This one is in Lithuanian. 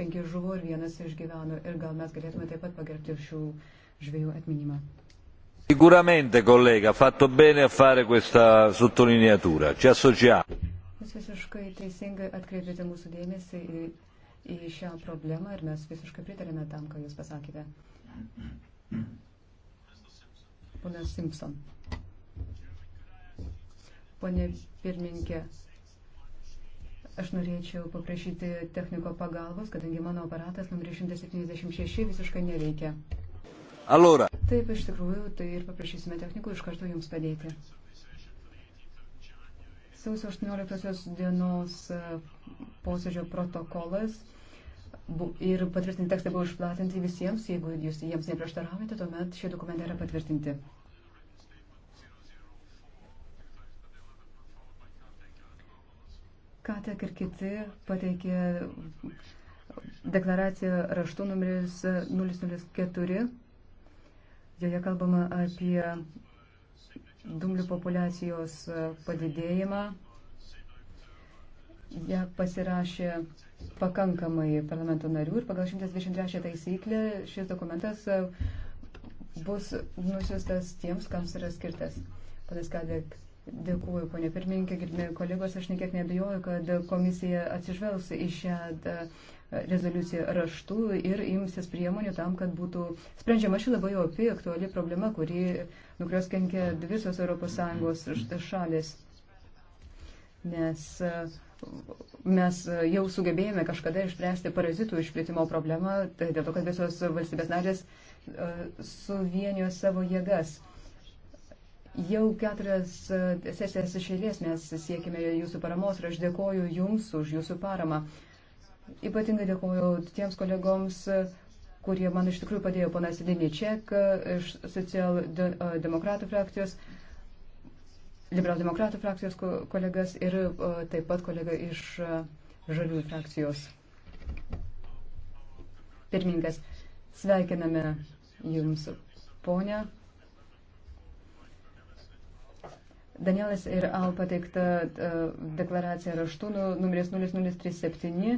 penki žuvo ir vienas išgyveno. Ir gal mes galėtume taip pat pagerbti šių žvėjų atminimą. Sicuramente, collega, fatto bene a fare questa sottolineatura. Ci associamo. Jūs visiškai teisingai atkreipėte mūsų dėmesį į, į šią problemą ir mes visiškai pritarėme tam, ką Jūs pasakėte. Ponas Simpson. Pone pirmininkė, Aš norėčiau paprašyti techniko pagalbos, kadangi mano aparatas numeris 176 visiškai neveikia. Alora. Taip, iš tikrųjų, tai ir paprašysime technikų iš karto jums padėti. Sausio 18 dienos e, posėdžio protokolas ir patvirtinti tekstai buvo išplatinti visiems, jeigu jūs jiems neprieštaraujate, tuomet šie dokumentai yra patvirtinti. ką tiek ir kiti pateikė deklaraciją raštu numeris 004. Joje kalbama apie dumblių populacijos padidėjimą. Ja pasirašė pakankamai parlamento narių ir pagal 123 taisyklę šis dokumentas bus nusiustas tiems, kams yra skirtas. Panas Kadek Dėkuoju, ponė pirmininkė, girdimi kolegos, aš nekiek nebejoju, kad komisija atsižvelgs į šią e, rezoliuciją raštu ir imsis priemonių tam, kad būtų sprendžiama ši labai opi aktuali problema, kuri nukrios kenkia visos ES šalis. Nes e, mes jau sugebėjome kažkada išspręsti parazitų išplėtimo problemą, tai dėl to, kad visos valstybės narės e, suvienijo savo jėgas. Jau keturias e, sesijas iš eilės mes siekime jūsų paramos ir aš dėkoju jums už jūsų paramą. Ypatingai dėkoju tiems kolegoms, e, kurie man iš tikrųjų padėjo, ponas Liničiek e, iš socialdemokratų frakcijos, liberaldemokratų frakcijos kolegas ir taip pat kolega iš žaliųjų frakcijos. Pirmininkas, sveikiname jums, ponia. Danielas ir Al pateikta e, deklaracija raštu nu, numeris 0037.